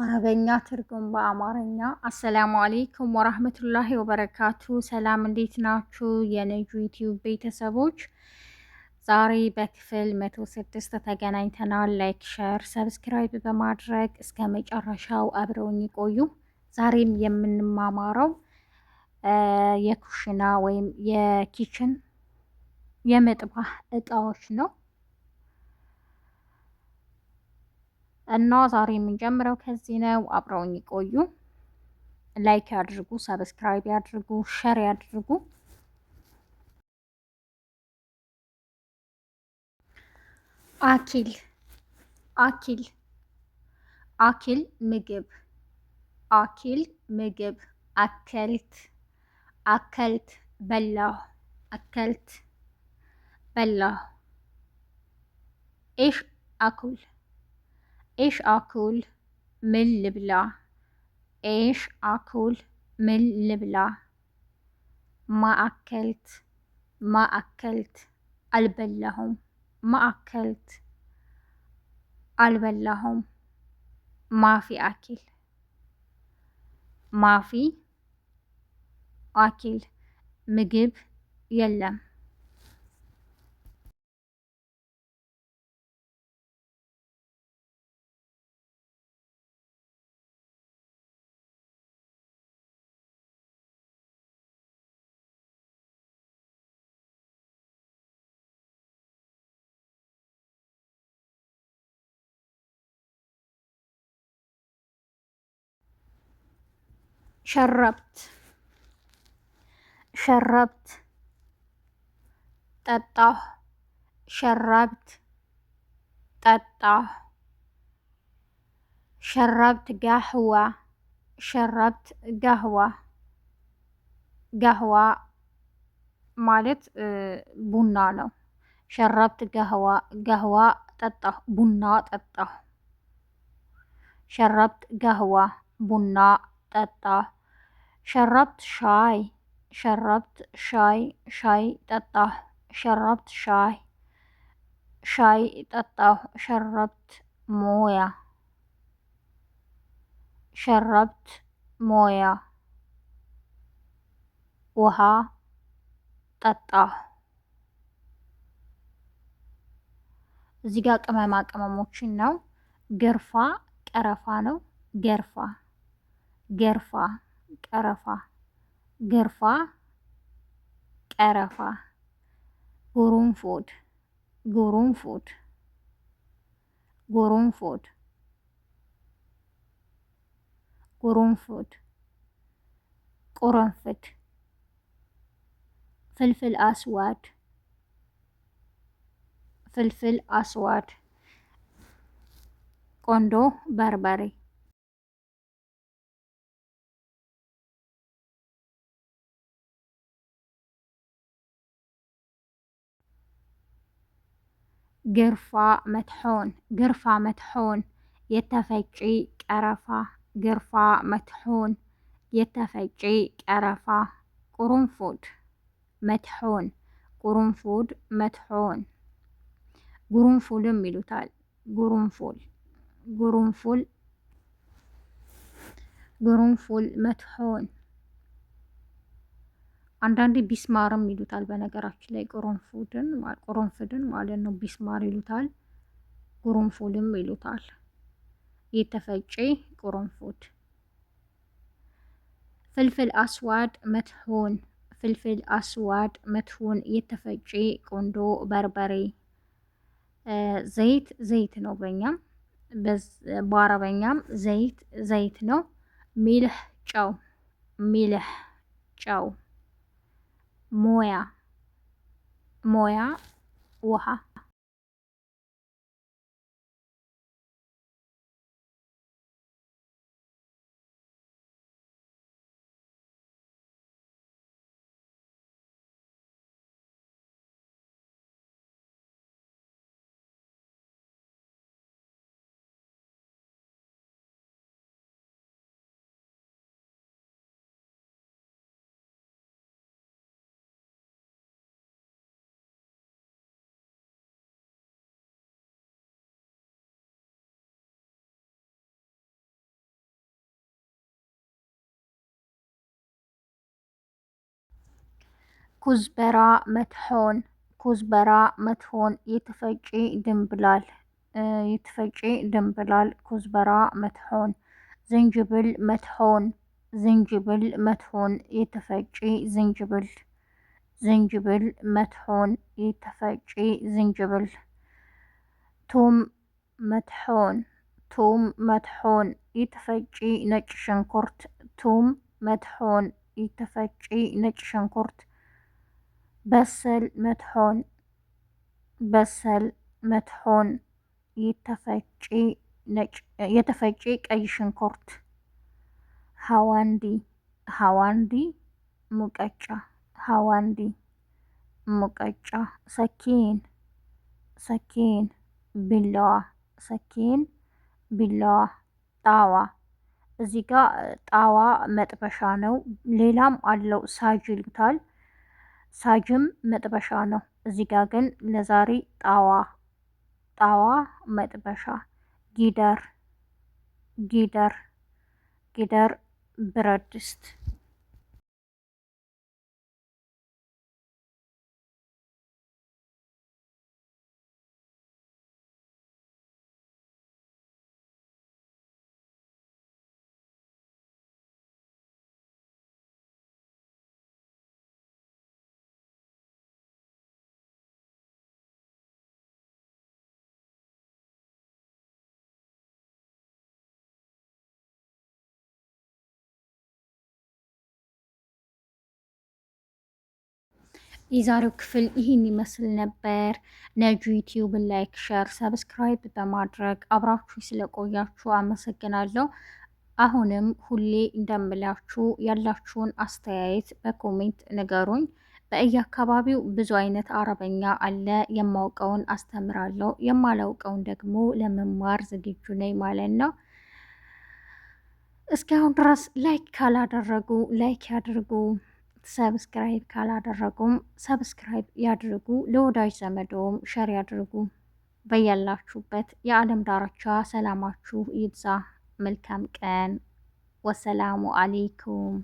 አረበኛ ትርጉም በአማርኛ። አሰላሙ አሌይኩም ወራህመቱላሂ ወበረካቱ። ሰላም እንዴት ናችሁ የነጁ ዩቲዩብ ቤተሰቦች? ዛሬ በክፍል መቶ ስድስት ተገናኝተናል። ላይክ፣ ሸር፣ ሰብስክራይብ በማድረግ እስከ መጨረሻው አብረውኝ ይቆዩ። ዛሬም የምንማማረው የኩሽና ወይም የኪችን የመጥባህ እቃዎች ነው። እና ዛሬ የምንጀምረው ከዚህ ነው። አብረውኝ ቆዩ ላይክ ያድርጉ፣ ሰብስክራይብ ያድርጉ፣ ሸር ያድርጉ። አኪል አኪል አኪል ምግብ አኪል ምግብ አከልት አከልት በላሁ አከልት በላሁ ኢሽ አኩል إيش آكل من لبلا إيش آكل من لبلا ما أكلت ما أكلت البل لهم ما أكلت البل لهم ما في أكل ما في أكل مقب يلم شربت شربت ጠጣሁ شربت ጠጣሁ شربت قهوة شربت قهوة قهوة ማለት ቡና ነው። ሸረብት ገህዋ ገህዋ ጠጣሁ፣ ቡና ጠጣሁ። ሸረብት ገህዋ ቡና ጠጣሁ። ሸረብት ሻይ፣ ሸረብት ሻይ፣ ሻይ ጠጣሁ። ሸረብት ሻይ፣ ሻይ ጠጣሁ። ሸረብት ሞያ፣ ሸረብት ሞያ፣ ውሃ ጠጣሁ። እዚህ ጋር ቅመማ ቅመሞችን ነው። ገርፋ ቀረፋ ነው። ገርፋ ገርፋ ቀረፋ፣ ገርፋ፣ ቀረፋ፣ ጎሮንፎድ፣ ጎሮንፎድ፣ ጎሮንፎድ፣ ጎሮንፎድ፣ ቁርንፍድ፣ ፍልፍል አስዋድ፣ ፍልፍል አስዋድ፣ ቆንዶ በርበሬ ግርፋ መትሖን ግርፋ መትሖን የተፈጪ ቀረፋ ግርፋ መትሖን የተፈጪ ቀረፋ ቁርንፉድ መትሖን ቁርንፉድ መትሖን ጉርንፉልም ይሉታል። ጉርንፉል ጉርንፉል ጉርንፉል መትሖን አንዳንዴ ቢስማርም ይሉታል። በነገራችን ላይ ቅርንፉድን ማለት ነው ቢስማር ይሉታል፣ ቅርንፉድም ይሉታል። የተፈጨ ቅርንፉድ ፍልፍል አስዋድ መትሁን ፍልፍል አስዋድ መትሁን የተፈጨ ቆንዶ በርበሬ። ዘይት ዘይት ነው በእኛም በአረበኛም ዘይት ዘይት ነው። ሚልህ ጨው ሚልህ ጨው 莫呀，莫呀，我哈。كزبرة مدحون كزبرة مدحون يتفجي دمبلال آه، يتفجي دمبلال كزبرة مدحون زنجبل مدحون زنجبل مدحون يتفجي زنجبل زنجبل مدحون يتفجي زنجبل توم مدحون توم مدحون يتفجي نج شنكرت توم مدحون يتفجي نج شنكرت በሰል መትሆን በሰል ምትሖን የተፈጨ ቀይ ሽንኩርት ሀዋንዲ ሀዋንዲ ሙቀጫ ሀዋንዲ ሙቀጫ ሰኪን ሰኪን ቢላዋ ሰኪን ቢላዋ ጣዋ እዚህ ጋ ጣዋ መጥበሻ ነው። ሌላም አለው ሳጅ ይሉታል። ሳጅም መጥበሻ ነው። እዚህ ጋር ግን ለዛሬ ጣዋ ጣዋ መጥበሻ፣ ጊደር ጊደር ጊደር ብረት ድስት የዛሬው ክፍል ይህን ይመስል ነበር። ነጁ ዩቲዩብ ላይክ፣ ሸር፣ ሰብስክራይብ በማድረግ አብራችሁ ስለቆያችሁ አመሰግናለሁ። አሁንም ሁሌ እንደምላችሁ ያላችሁን አስተያየት በኮሜንት ንገሩኝ። በየአካባቢው ብዙ አይነት አረበኛ አለ። የማውቀውን አስተምራለሁ፣ የማላውቀውን ደግሞ ለመማር ዝግጁ ነኝ ማለት ነው። እስካሁን ድረስ ላይክ ካላደረጉ ላይክ ያድርጉ። ሰብስክራይብ ካላደረጉም ሰብስክራይብ ያድርጉ። ለወዳጅ ዘመዶም ሸር ያድርጉ። በያላችሁበት የዓለም ዳርቻ ሰላማችሁ ይብዛ። መልካም ቀን። ወሰላሙ አሌይኩም